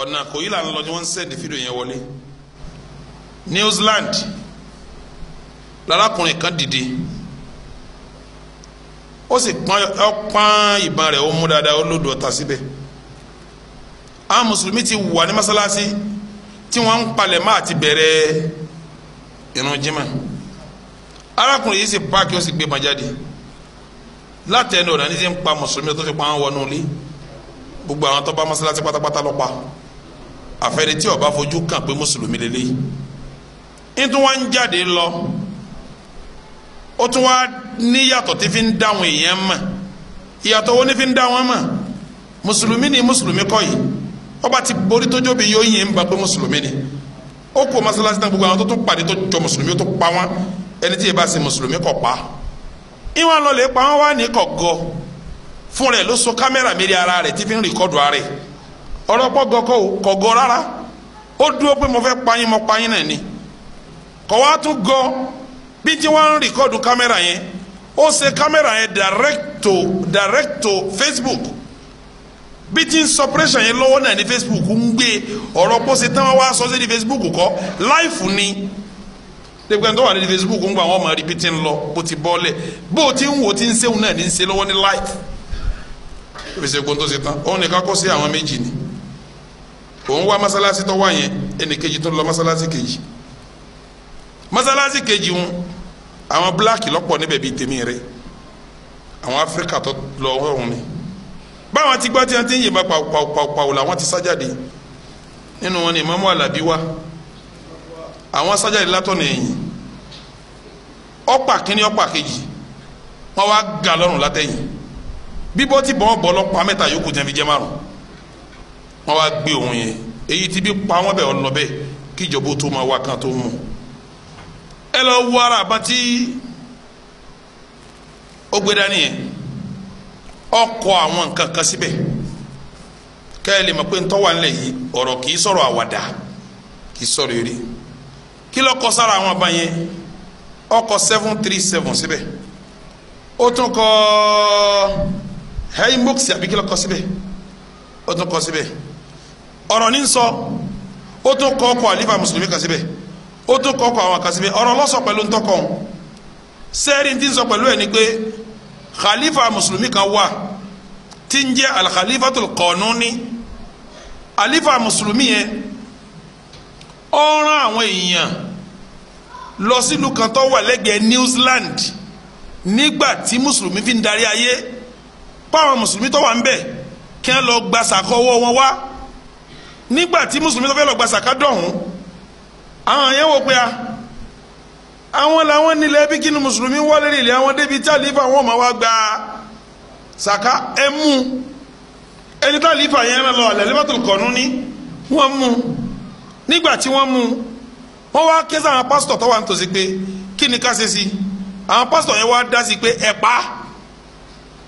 ọ̀nà kò yí là ń lọ ni wọ́n ń sẹ́ẹ̀dì fídíò yẹn wọlé New Zealand lárakùnrin kan dìde ó sì pọ́n ìbọn rẹ̀ ó mú dáadáa ó lòdù ọ̀tá síbẹ̀ àwọn mùsùlùmí ti wà ní mọ́sálásí tí wọ́n ń palẹ̀ máa ti bẹ̀rẹ̀ ìrun jimá arákùnrin yìí sì páàkì ó sì gbé ma jáde látẹnu ọ̀nà ní ti ń pa mùsùlùmí tó fi pa àwọn wọnú ilé gbogbo àwọn tó bá mọ́sálásí pátápátá lọ pa àfẹni tí ó bá fojú kàn pé mùsùlùmí lélẹ̀ nítorí wọn ń jáde lọ ó tún wá níyàtọ̀ tí fi ń dáhùn èèyàn mọ̀ ìyàtọ̀ wo ni fi ń dá wọn mọ̀ mùsùlùmí ni mùsùlùmí kọ́ yìí o bá ti borí tójó bi yóò yẹn ń pé mùsùlùmí ni ó kó masalasi náà gbogbo àwọn tó tún pàdé tó jọ mùsùlùmí tó pa wọn ẹni tí yẹ bá ṣe mùsùlùmí kọ pa ìwọn lọ lè pa wọn wá ní kọ gọ fún rẹ ló kámẹ́rà méjì ara rẹ tí fi ń rìkọ́dù ara rẹ ọ̀rọ̀ pọ̀ gọ́kọ́ o kọ̀ gọ́ rárá ó dúró pé mo fẹ́ payín mo payín náà ni kọ̀ wá tún gọ́ bí tí wọ́n ń rìkọ́ọ̀dù kámẹ́rà yẹn ó ṣe kámẹ́rà yẹn direct to direct to Facebook bí tí ń sọpẹ́rẹ́sà yẹn lọ́wọ́ náà ní Facebook ń gbé ọ̀rọ̀ pọ̀ ṣe táwọn wá sọ sí ní Facebook kọ́ láìfù ni dẹ́gbẹ́ tó wà ní Facebook ń gba àwọn ọmọ ríbi tí ń lọ bó ti bọ́ọ̀lẹ̀ bó ti ń wò tí ń ṣéwù náà ní ń ṣe lọ́wọ́ ní láìfù ó fi ṣe ṣe tán òun nìkan kó sí àwọn méjì ni òun wá masalasi tó wá yẹn ẹnìkejì tó lọ masalasi kejì masalasi kejì ń àwọn bíláàkì lọ́pọ̀ níbẹ̀ bíi tèmi rẹ àwọn áfíríkà tó lọ ọ̀hún mi báwọn ti gbọ́ tí wọ́n ti ń yìnbọn pàwọ́pàwọ́ làwọn ti sájáde nínú wọn ni mamu alabi wa àwọn sájáde látọ̀nà ẹ̀yìn ọ̀pá kínní ọ̀pá kejì wọ́n wá ga lọ́rùn látẹ̀yìn bíbọ́ ti bọ́ bọ́ lọ́pàá mẹ́ta yòókù jẹ́mi jẹ́ márùn-ún wọ́n wá gbé òun yẹn èyí tí bí pa wọ́n bẹ̀ ọ́ lọ bẹ́ẹ̀ kí ìjọba tó máa wá kan tó mú ẹ lọ wọ ara àbátí ó gbé dání yẹn ọkọ àwọn nǹkan kan síbẹ̀ kẹ́ ẹ lè mọ̀ pé ntọ́wà ńlẹ̀ yìí ọ̀rọ̀ kì í sọ̀rọ̀ àwàdà kì í sọ̀rọ̀ eré kí ló kọ sára àwọn ọba yẹn ọkọ seven three seven síbẹ̀ ó tún kọ hẹ́yìn bọ́ọ̀sì àbí kí ló kọ síbẹ̀ ó tún kọ síbẹ̀ ọ̀rọ̀ ní sọ ó tún kọ́ ọkọ̀ àlífà mùsùlùmí kan síbẹ̀ ó tún kọ́ ọkọ̀ àwọn kan síbẹ̀ ọ̀rọ̀ lọ́sọ̀ pẹ̀lú ń tọkọ̀ sẹ́ẹ̀rì ti ń sọ pẹ̀lú ẹ̀ ni pé khalifa mùsùlùmí kan wà tí ń jẹ́ alikhalifatul kọ̀ọ̀nùní alifa mùsùlùmí yẹn ó rán àwọn èèyàn lọ sílùú kan tó wà lẹ́gbẹ̀ẹ́ New Zealand nígbà tí mùsùlùmí fi ń darí ayé báwọn mùsùlùmí tó wà ń bẹ̀ kí wọ́n lọ gba wọn wá nígbà tí mùsùlùmí tó fẹ́ lọ gba sàká dọ̀hún àwọn yẹn wò pé a àwọn làwọn nílẹ̀ bí kí ni mùsùlùmí wà lérí ilẹ̀ àwọn débi tí àlífà wọn máa wá gba sàká ẹ mú ẹni tí àlífà yẹn lọ àlẹ́ lẹ́bàtò kọ̀ọ̀nù ni wọ́n mú nígbà tí wọ́n mú wọ́n wá ké sí pásítọ̀ tó wà nítòsí pé kí ni ká ṣe sí àwọn pásítọ̀ yẹn wá dá sí pé ẹ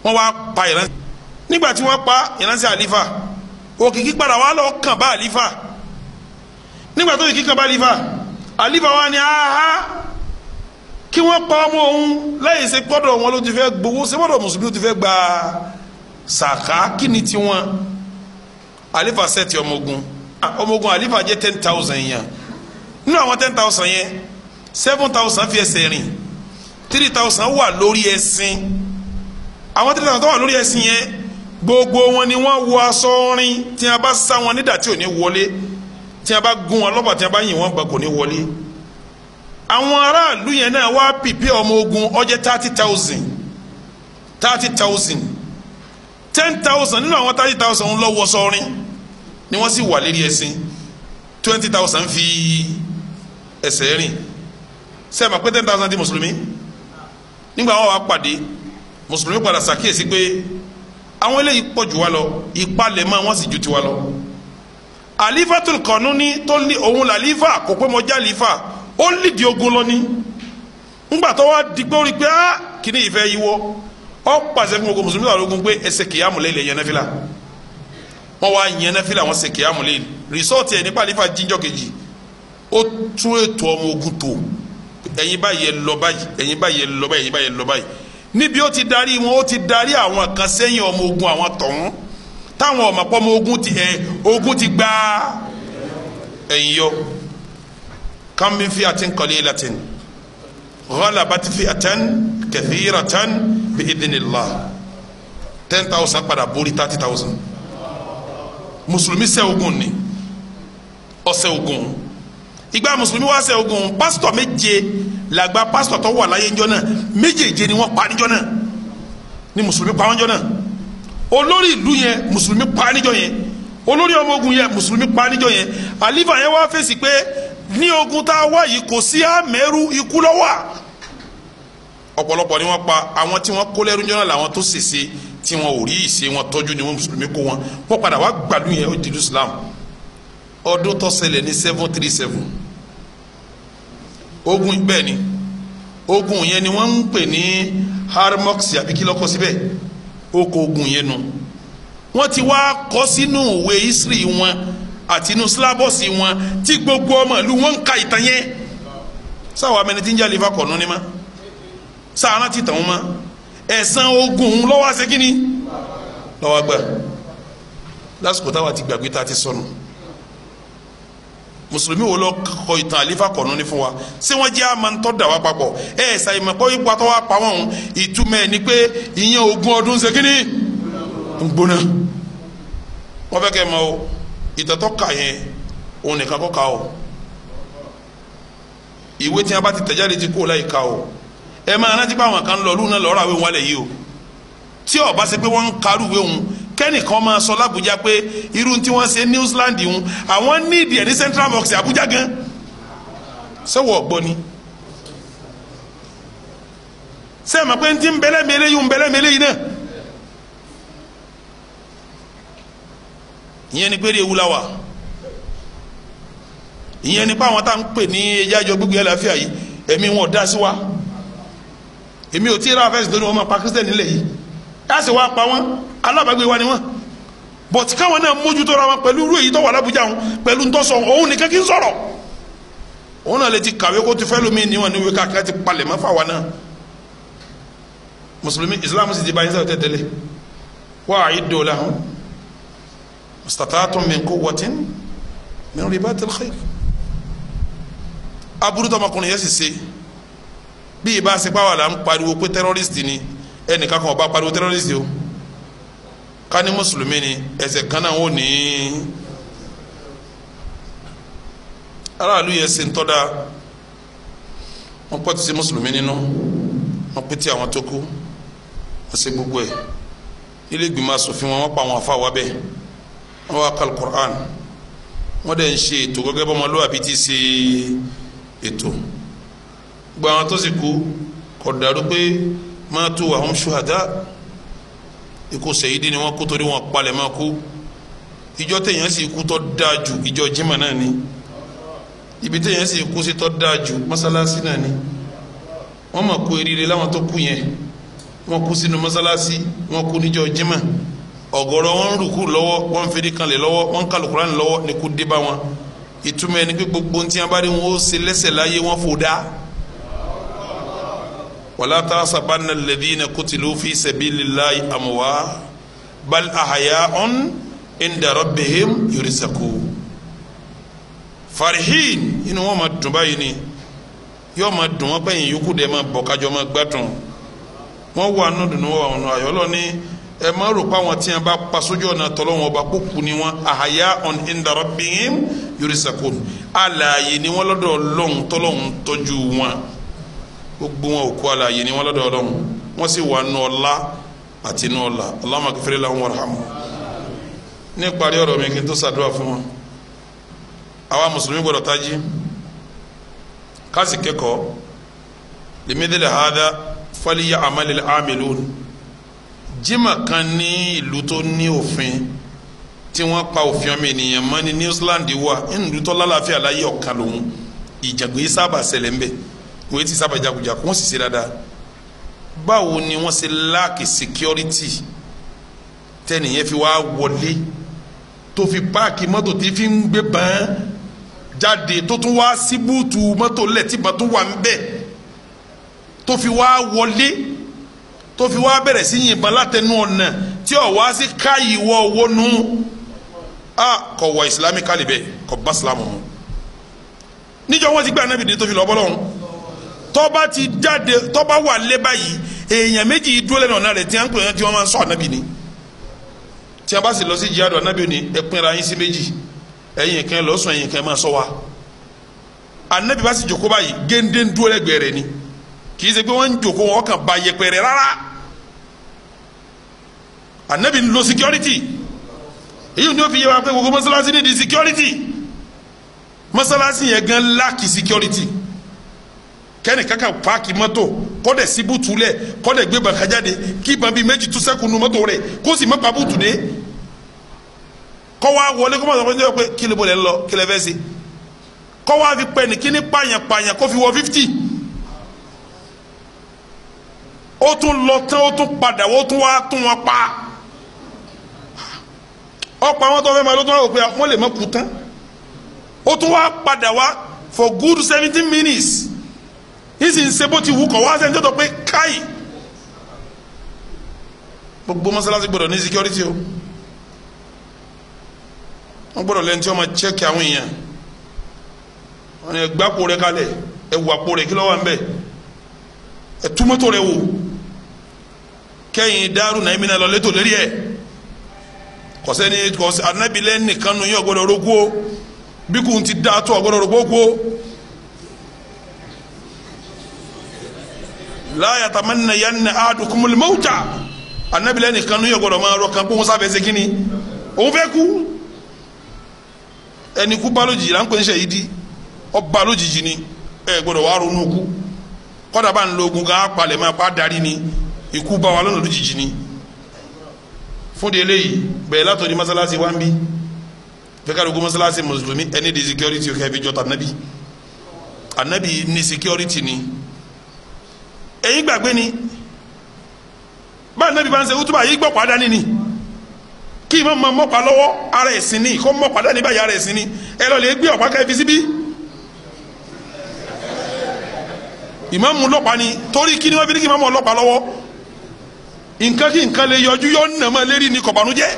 wọ́n wá pa ìrántí nígbà tí wọ́n pa ìrántí àlífà òkìkí padà wà lọ kàn bá àlífà nígbà tó kìkí kàn bá àlífà àlífà wa ni aha kí wọ́n pa ọmọ òun láyè ṣe gbọ́dọ̀ wọn ló ti fẹ́ gbowó ṣe gbọ́dọ̀ mùsùlùmí ló ti fẹ́ gba sàká kí ni tiwọn àlífà sẹ́ẹ̀tì ọmọ ogun ọmọ ogun àlífà jẹ́ ten thousand yẹn nínú àwọn ten thousand yẹn seven thousand fi ẹsẹ̀ rìn three thousand wà lórí ẹṣin àwọn three thousand tó wà lórí ẹṣin yẹn gbogbo wọn ni wọ́n wọ aṣọ orin tí a bá sá wọn nídà tí ò ní wọlé tí a bá gún wọn lọ́bà tí a bá yìn wọ́n gbà kò ní wọlé àwọn aráàlú yẹn náà wá pìpì ọmọ ogun ọjẹ́ thirty thousand thirty thousand ten thousand nínú àwọn thirty thousand ń lọ wọ sọrin ni wọ́n sì wà lérí ẹṣin twenty thousand fi ẹsẹ̀ rìn sẹ́ẹ̀mà pé ten thousand di mùsùlùmí nígbà wọn wà pàdé mùsùlùmí padà sàkíyèsí pé àwọn eléyìí pọ̀ jù wá lọ ìpalẹ̀ mọ́ wọn sì ju tiwa lọ. alifatul Qanuni tó ní òun làlífà kò pé mo já lífà ó ń lìdí ogun lọ ní. ńgbà tó wá di pé ó rí i pé á kíní ìfẹ́ yìí wọ́ ọ pàṣẹ fún gbogbo mùsùlùmí àwọn ogun pé ẹsẹ̀ kìyàmù lẹ́yìn yẹn náfìlà wọ́n wá yẹn náfìlà wọ́n ṣe kìyàmù lẹ́yìn rìsọ́ọ̀tì ẹ̀ nípa àlífà jíjọ́ kejì ó tún ètò ọmọ ogun tó ẹ̀yin báyìí ẹ níbi ó ti darí wọn ó ti darí àwọn kan sẹ́yìn ọmọ ogun àwọn tọ̀hún táwọn ọmọ pọ́mọ ogun ti ẹ eh, ogun ti gba ẹ̀yìn yọ kam min fi'atin qalilatin ghalabat fi'atan kathiratan bi idhnillah ten thousand padà borí thirty thousand mùsùlùmí ṣẹ́ ogun ni ó ogun Igba mùsùlùmí wá ṣe ogun pastor meje lagba pastor tó wà láyé ńjọ́ náà méjèèje ni wọ́n pa níjọ́ náà ni mùsùlùmí pa níjọ́ náà olórí ìlú yẹn mùsùlùmí pa níjọ́ yẹn olórí ọmọ ogun yẹn mùsùlùmí pa níjọ́ yẹn àlífà yẹn wá fèsì pé ní ogun tá a wá yìí kò sí àmẹ́rù ikú lọ́wọ́ ọ̀pọ̀lọpọ̀ ni wọ́n pa àwọn tí wọ́n kó lẹ́rú ńjọ́ náà làwọn tó ṣèṣe tí wọn ò rí ìṣe wọn tọ́jú ni wọn mùsùlùmí kó wọn wọ́n padà wá gbàlú ó di Islam ọdún tó ṣẹlẹ̀ ní seven three seven ogun bẹ́ẹ̀ ni ogun yẹn ni wọ́n ń pè ní harmox àbí kí lọ́kọ́ síbẹ̀ oko ogun yẹn nu wọ́n ti wá kọ́ sínú ìwé history wọn àti inú sílábọ̀sì wọn tí gbogbo ọmọ ìlú wọn ń ka ìtàn yẹn sáwọn amẹni tí ń jẹ́ àlefa kọ̀ọ̀nù ni ma sáà rántí tàn wọn ma ẹ̀sán ogun lọ́wọ́ àṣekínni lọ́wọ́ gbà lásìkò táwa ti gbàgbé tá a ti sọnù. So mùsùlùmí wo lọ kọ ìtàn àlífà kọ̀ọ̀nù ní fún wa ṣé wọ́n jẹ́ àmàntọ́ dà wá papọ̀ ẹ ẹ ṣàyẹ̀mọ̀ kọ́ ipò àtọ́wọ́ apáwọ̀n ìtumọ̀ ẹ̀ ni pé ìyẹn ogún ọdún ṣe kínní ń gbóná wọ́n fẹ́ kẹ́ mọ̀ o ìtọ́tọ́ kà yẹn òun nìkan kọ́ ka o ìwé tí a bá ti tẹ̀jáde ti kó o láyìí ka o ẹ máa rántí pé àwọn kan lọ lóun náà lọ́ọ́ kẹ́nìkan máa sọ lábújá pé irú tí wọ́n ṣe New Zealand ń àwọn níìdì ẹ̀ ní central box Àbújá gan sẹ́wọ̀ ọ̀gbọ́n ni sẹ́wọ̀n pé ń ti ń bẹ́lẹ́ mi eléyìí ń bẹ́lẹ́ mi eléyìí náà ìyẹn ni pé ewu la wà ìyẹn ni pé àwọn tá à ń pè ní ẹjájọ gbígbé àlàáfíà yìí ẹ̀mí wọn dá sí wa èmi ò tí ì rà fẹ́sì tó ní máa pa kírísítẹ́nì nílẹ̀ yìí a sì wá pa wọn alábàgbé wa ni wọn bọ̀tí káwọn náà mójútó ra wọn pẹ̀lú irú èyí tó wà lábújá wọn pẹ̀lú ntọ́sọ òun nìkan kí n sọ̀rọ̀ òun náà lè ti kàwé kó ti fẹ́ lómi níwọ̀n níwèé káàkiri ti palẹ̀ mọ́ fáwa náà mùsùlùmí islam sì ti bá yín sẹ́wọ́ tẹ́tẹ́lẹ̀ wá àyídò lahum mustata'tum min quwwatin min ribatil khayr aburú tọmọkùnrin yẹn sì ṣe bí ìbá sepáwà là ń pariwo pé terrorist ẹnìkan kan ọba pariwo terrorist o ká ní mùsùlùmí ni ẹsẹ̀ kan náà ó ní aráàlú yẹn ṣe ń tọ́ da wọ́n pọ̀ ti sí mùsùlùmí nínú wọ́n pété àwọn tó kú wọ́n ṣe gbogbo ẹ̀ ilé ìgbìmọ̀ asòfin wọn wọ́n pa àwọn afa bẹ́ẹ̀ wọ́n wá kal Qur'an wọ́n dẹ̀ ń ṣe ètò gẹ́gẹ́ bọ́mọ lóàbí ti ṣe ètò gbogbo àwọn tó sì kú kọ̀ dàrú pé matu wa hum shuhada ikú sèyidi ni wọn kú torí wọn palẹ̀ máa kú ìjọ téèyàn sì kú tó dáa jù ìjọ jimá náà ni ibi téèyàn sì kú sí tó dáa jù mọ́sálásí náà ni wọ́n máa kú eriri láwọn tó kú yẹn wọ́n kú sínú mọ́sálásí wọ́n kú níjọ jimá ọ̀gọ̀rọ̀ wọn ń rùkú lọ́wọ́ wọ́n ń feri kanlẹ̀ kálukúrá lọ́wọ́ ni kú dé bá wọn ìtumọ̀ ẹni pé gbogbo ntí wọn wọn ó ṣe lẹ́sẹ̀ láyé wọn fò dáa wala tasabanna alladhina qutilu fi sabilillahi amwa bal ahya'un inda rabbihim yurisakun farihin inú wọn ma dùn báyìí ni yóò ma dùn wọn báyìí yòókù dẹ ma bọ kájọ ma gbádùn wọn wà nù dùn wọn àwọn àyọlọ ni ẹ má rò pa àwọn tí wọn bá pa sójú ọ̀nà tọ́lọ́ wọn bá kúkú ni wọn àhàyà on inda rabbihim yurisakun alààyè ni wọn lọ́dọ̀ lọ́hùn tọ́lọ́hùn tọ́jú wọn gbogbo wọn òkú alààyè ni wọn lọ́dọ̀ Ọlọ́run wọn sì wà nù ọlá àti nù ọlà Allahumma ghfir lahum warhamhum ní parí ọ̀rọ̀ mi kí n tó ṣàdúrà fún wọn àwa mùsùlùmí gbọ́dọ̀ tají kásì kẹ́kọ̀ọ́ limithli hadha falya'malil 'amilun jimá kan ní ìlú tó ní òfin tí wọ́n pa òfin ọmọ ènìyàn mọ́ ní New Zealand wà ń lùtọ́ lálàáfíà láyé ọ̀kan lòun ìjàgbé sábà ṣẹlẹ̀ ń wọ́n ti sábà jagunjagun wọ́n sì ṣe dáadáa báwo ni wọ́n ṣe láàkì security tẹ́nìyẹn fi wá wọlé tó fi páàkì mọ́tò tí fi ń gbé bàn jáde tó tún wá sí búùtù mọ́tò lẹ̀ tí bàtú wà ń bẹ̀ tó fi wá wọlé tó fi wá bẹ̀rẹ̀ sí yìnbọn látẹnu ọ̀nà tí ọ̀ wá sí káyìí wọnú a kọ̀ wọ ìsìlámì kálí bẹ́ẹ̀ kọ̀ bá ìsìlámù mu níjọ́ wọ́n ti gbé anábìdí tó fi lọ́ bọ́lọ́hún tọ́ba ti jáde tọ́ba wà lé báyìí èèyàn méjì dúró lẹ́nu ọ̀nà rẹ̀ tí wọ́n ń pè wọ́n tí wọ́n máa ń sọ ànábì ni tí a bá sì lọ sí jihadu ànábì ni ẹ pínra yín sí méjì ẹ̀yin kan lọ sùn kan máa sọ wa ànábì bá sì jòkó báyìí géńdé ń dúró lẹ́gbẹ̀ẹ́ rẹ̀ ni kì í ṣe pé wọ́n ń jòkó wọn kàn ba yẹpẹrẹ rárá ànábì ń lo security èyí ni ó fi yé wa pé gbogbo mọ́sálásí ní di security mọ́sálásí yẹn gan lack security kẹ́ni kankan paaki mọ́tò kọ́dẹ̀ síbú túlẹ̀ kọ́dẹ̀ gbé bàkájáde kí bàbí méjì tún sẹ́kùnú mọ́tò rẹ̀ kó sì má bàbú tù dé kọ́wá wọlé kọ́mọ̀ sọ fún pé kí lè bọ̀ lẹ́ lọ kí lè fẹ́ ṣe kọ́wá fi pẹ́ ní kí ní pààyàn pààyàn kó fi wọ fífítì ó tún lọ tán ó tún padà ó tún wá tún wọn pa ọ̀pọ̀ àwọn tó fẹ́ máa ló tún wá wò pé wọ́n lè má kú tán ó tún wá padà wá for good seventeen minutes yìí ń ṣe bó ti wù kọ́ wá sẹ́ni tó tọ́ pé káyì gbogbo mọ́sálásí gbọ́dọ̀ ní security o wọ́n gbọ́dọ̀ lẹ́ni tí wọ́n máa check àwọn èèyàn wọ́n ni ẹgbàpò rẹ kalẹ̀ ẹwàpò rẹ kí ló wà ń bẹ̀ ẹtúmọ́tò rẹ wò kẹ́yìn dárú náà ìmìnira lọ létò lérí ẹ̀ kọ̀sẹ́ni kọ̀sẹ́ anábìlẹ́ nìkan nù yín ọ̀gbọ́dọ̀ rogbo bíkùn ti dáa tó ọ̀gbọ́dọ̀ rogbo kó. la yatamanna yanna ahadukumul mauta anabilẹ nìkan ní ọgbọdọ máa rọ kan pé wọn sáfẹ ṣe kínni òun fẹ́ kú ẹni kú bá lójijì là ń pè ní ṣèyídì ọba lójijì ni ẹ gbọ́dọ̀ wàá ronú kú kódà bá ń lo ogun gan apalẹ̀ máa bá darí ni ikú bá wa lọ́nà lójijì ni fún de eléyìí bẹ̀rẹ̀ látọ̀ ní masalasi wa ń bí fẹ́kàdógún masalasi mùsùlùmí ẹni di security kẹfì jọta anabi anabi ni security ni èyí gbàgbé ni báyìí nàbí bá ń ṣe wútúbà yìí gbọ́ padà nínú kí ìmọ̀ mọ̀ mọ̀pá lọ́wọ́ ara ẹ̀sìn ni kó mọ̀ padà ní báyìí ara ẹ̀sìn ni ẹ lọ lè gbé ọ̀pá ká fi síbí ìmáàmù lọ́pàá ni torí kí ni wọ́n fi ní kí ìmáàmù ọlọ́pàá lọ́wọ́ nǹkan kí nǹkan lè yọjú yọ nàmọ́ lérí ni kọ̀bánújẹ́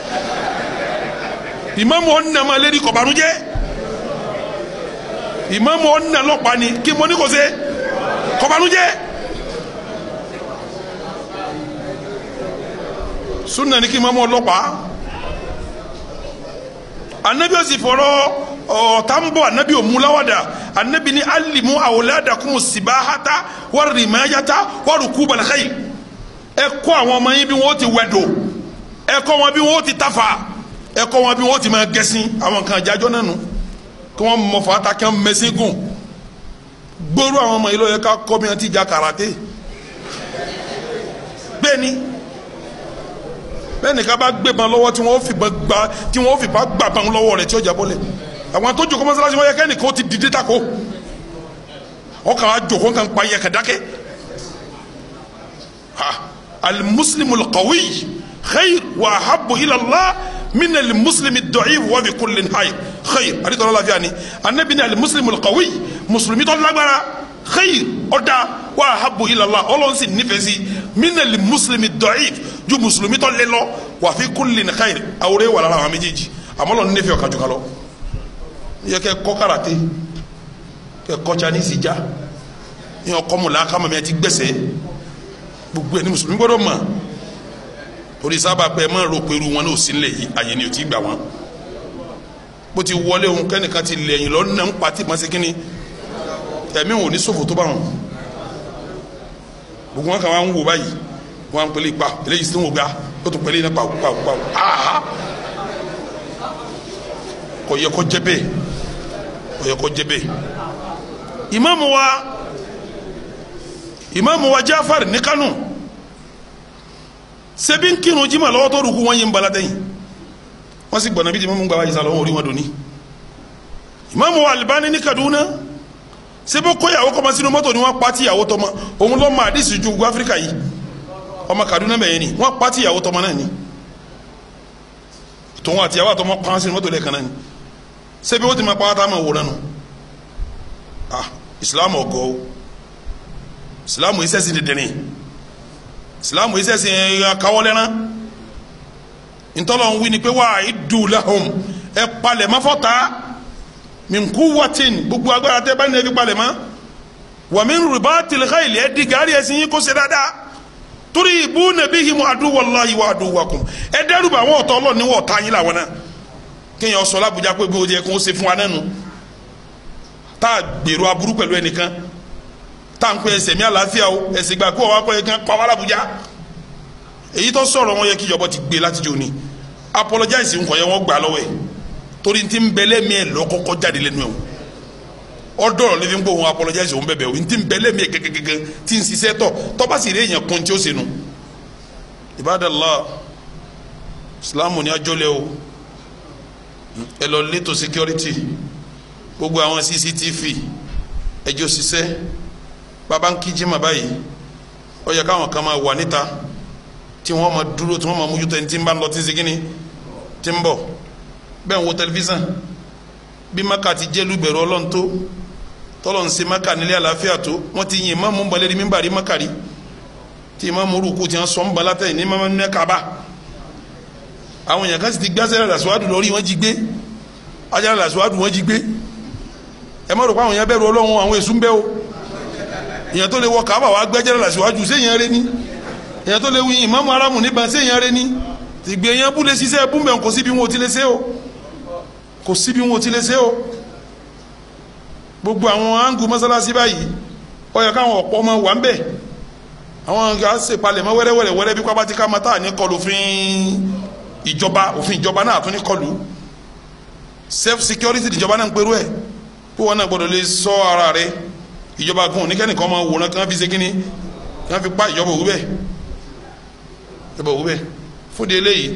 ìmáàmù ọ̀nàmọ́ lérí kọ̀bánújẹ́ ìmáàmù ọ̀nà lọ́pàá ni kí mo ní kò ṣe kọ̀bánújẹ́. sunna ni kí n máa mú ọlọ́pàá anabi ó sì fọ̀rọ̀ ọ̀tánbọ̀ anabi ò mú láwàdà anabi ní alimu awladakum sibahata warimayata warukubal khayl ẹ kọ́ àwọn ọmọ yín bí wọ́n ti wẹ̀dọ̀ ẹ kọ́ wọn bí wọ́n ti tafa ẹ kọ́ wọn bí wọ́n ti máa gẹṣin àwọn nǹkan àjájọ́ náà nù kí wọ́n mọ̀ fàtà kí wọ́n mẹ́sìn gùn gbóró àwọn ọmọ yìí ló ká kọ́ bí wọ́n ti karate bẹ́ẹ̀ bẹ́ẹ̀ nìkan bá gbébọn lọ́wọ́ tí wọ́n fi gbà tí wọ́n fi bá gbà bàn lọ́wọ́ rẹ̀ tí ó jábọ́lẹ̀ àwọn tó jòkó mọ́sálásí wọn yẹ kẹ́ nìkan ó ti dìde tako ọkàn á jòkó kan pa yẹ kàdákẹ́ ha alimusilimu lọkọ̀wé xeyir wà hábù ilàlá min alimusilimi dọ̀yìn wà fi kulin hayi xeyir àdìtọ́lá lafiya ni anabi ni alimusilimu lọkọ̀wé mùsùlùmí tó lágbára xeyir ọ̀dà wà hábù ilàlá ọlọ́run sì nífẹ̀ẹ́ sí min alimusilimi ju mùsùlùmí tó lé lọ wà fi kulli ní káyìn àwòrán wà lára àwọn méjèèjì àmọ́ lọ́nà nífẹ̀ẹ́ ọ̀kadù kan lọ. yẹ kẹ kọ́ karate kẹ kọ́ chinese já yẹ kọ́ mùlá kámọ́ mi àti gbẹ̀sẹ̀ gbogbo ẹni mùsùlùmí gbọ́dọ̀ mọ̀ torí sábà pé ẹ máa rò pé irú wọn náà sí nílẹ̀ yìí àyè ni ò ti gbà wọn bó ti wọlé òun kẹ́nìkan ti lẹ̀yìn lọ́nà ń pa tí ma ṣe kínní ẹ̀mí òun ní ṣòfò tó bá wọn gbogbo wọn kàn wá ń wò báyìí wọn ń pèlè ipa eléyìí sí wọn gba ó tún pèlè iná pàwọ́ pàwọ́ pàwọ́ aha kò yẹ kó jẹ́ kò yẹ kó jẹ́ ìmáàmù wa ìmáàmù wa Jaafar ní Kánò ṣebí ń kírun jimá lọ́wọ́ tó rúkú wọn yé ń baladẹ́ yìí wọ́n sì gbọ̀nà bí ìmáàmù gba wáyé sálọ́ wọn ò rí wọn dùn ní ìmáàmù wa Albani ní Kaduna ṣebí kó yàwó kọ́mọ sínú mọ́tò ni wọ́n pa tíyàwó tọmọ òun lọ́ọ́ máa dísì ju gbogbo Áfíríkà yìí ọmọ Kaduna bẹ̀yẹn ni wọ́n pa ti ìyàwó tọmọ náà ni tòun àti ìyàwó àtọmọ pa sínú mọ́tò lẹ́ẹ̀kan náà ni ṣebí wọ́n ti máa pa máa wò nánu ah Islam ọ̀gọ́ o Islam yìí sẹ́sìn dìndìnrín Islam yìí sẹ́sìn akawọ́lẹ́rán ntọ́lọ̀ ń wí ni pé wàá iddu lahum ẹ palẹ̀ má fọ́ta min quwwatin gbogbo agbára tẹ́ bá ní ẹ fi palẹ̀ mọ́ wa min ribatil khayl ẹ di gàárì ẹ sì yín kó ṣe dáadáa torí ibu nàbí himu aduwallahi wa aduwakum ẹ dẹ́rù bá wọn ọ̀tọ̀ ọlọ́ọ̀ ni wọ́n ọ̀tá yín làwọn náà kéèyàn sọ lábújá pé bóyá ẹ̀kún ó ṣe fún wa nánu tá a gbèrò aburú pẹ̀lú ẹnìkan tá a ń pẹ́ ẹsẹ̀ mi àlàáfíà o ẹ̀sìn gbà kó wa kọ́ ẹ̀kan pa wá lábújá èyí tó sọ̀rọ̀ wọn yẹ kí ìjọba ti gbé láti jò apologize nkọ̀ yẹn wọ́n gbà lọ́wọ́ ẹ̀ torí ti ń bẹ lẹ́mìí ẹ̀ lọ́kọ́kọ́ jáde lẹ́nu ẹ̀ wọ́n ọdọọrọ ní fi ń gbóhùn apologize òun bẹ̀bẹ̀ òun ti ń bẹlẹ mi gẹgẹgẹgẹ ti ń ṣiṣẹ́ tọ tọba sì rí èèyàn kun tí ó senu ibadallah islamu ni ajọlẹ o ẹ lọ létò security gbogbo àwọn cctv ẹjọ ṣiṣẹ́ bàbá ń kí jimá báyìí ó yẹ káwọn kan máa wà níta tí wọn máa dúró tí wọn máa mójútó ẹni tí ń bá lọ tí ń segin ni tí ń bọ̀ bẹ́ẹ̀ ń wo tẹlifíṣàn bí maka ti jẹ́ lùgbẹ̀rù ọlọ́run tó tọ́lọ̀ ń ṣe maka nílé àlàáfíà tó wọ́n ti yin ìmáàmù balẹ̀ ní mímbàrí makari tí ìmáàmù rúkú ti hàn sọ́n balata yìí ní mama ní kaba àwọn èèyàn kan sì ti gbásẹ́ làṣọ́wádùn lórí wọ́n jí gbé ajá làṣọ́wádùn wọ́n jí gbé ẹ má rò pé àwọn èèyàn bẹ̀rù ọlọ́run àwọn èṣù ń bẹ o èèyàn tó lè wọ kaba wàá gbẹ́jẹ́ làṣọ́wájú séèyàn rẹ ní èèyàn tó lè wí ìmáàmù aramu níbà séèyàn rẹ ní tìgbẹ̀yàn bú lè ṣiṣẹ́ bú mẹ́ kò síbi wọn ò ti lè ṣe o kò síbi wọn ò ti lè ṣe o gbogbo àwọn áńgù mọ́sálásí báyìí ó yẹ káwọn ọ̀pọ̀ ọmọ wà ń bẹ̀ àwọn ọ̀gá ṣèpalẹ̀ mọ́ wẹ́rẹ́wẹ́rẹ́ wẹ́rẹ́ bí pápá tí ká máa tà ní kọlù òfin ìjọba òfin ìjọba náà tún ní kọlù self security ìjọba náà ń perú ẹ̀ pé wọn náà gbọdọ̀ lè sọ ara rẹ ìjọba gan oníkẹ́nìkan máa wòran kí wọ́n fi ṣe kínní kí wọ́n fi pa ìjọba òwú bẹ́ẹ̀ ìjọba òwú bẹ́ẹ̀ fúdi eléyìí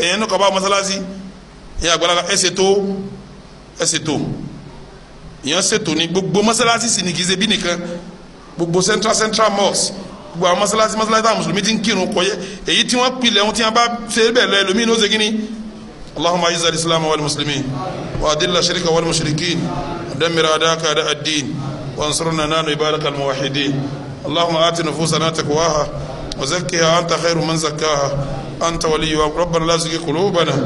ẹ̀yẹn náà kọ́ bá mọ́sálásí ẹ̀yà àgbàlagbà ẹ̀ ṣètò ẹ̀ ṣètò èèyàn ṣètò ní gbogbo mọ́sálásí sì ní kì í ṣe bí nìkan gbogbo central central mosque gbogbo àwọn mọ́sálásí mọ́sálásí táwọn mùsùlùmí ti ń kírun kọ́yẹ́ èyí tí wọ́n pilẹ̀ wọn tí wọ́n bá ṣe é bẹ́ẹ̀ lọ ẹlòmíì ní ó ṣe kí ni اللهم اعز الاسلام والمسلمين واذل الشرك والمشركين ودمر اعداءك اعداء الدين وانصرنا نحن عبادك الموحدين اللهم ات نفوسنا تقواها وزكها انت خير من زكاها انت ولي ربنا لا تزغ قلوبنا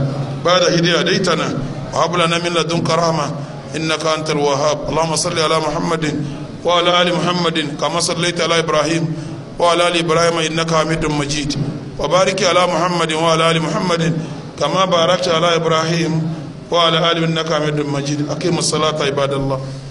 بعد إذ هديتنا وهب لنا من لدنك رحمه إنك أنت الوهاب اللهم صل على محمد وعلى آل محمد كما صليت على إبراهيم وعلى آل إبراهيم إنك حميد مجيد وبارك على محمد وعلى آل محمد كما باركت على إبراهيم وعلى آل إنك حميد مجيد أقيم الصلاة عباد الله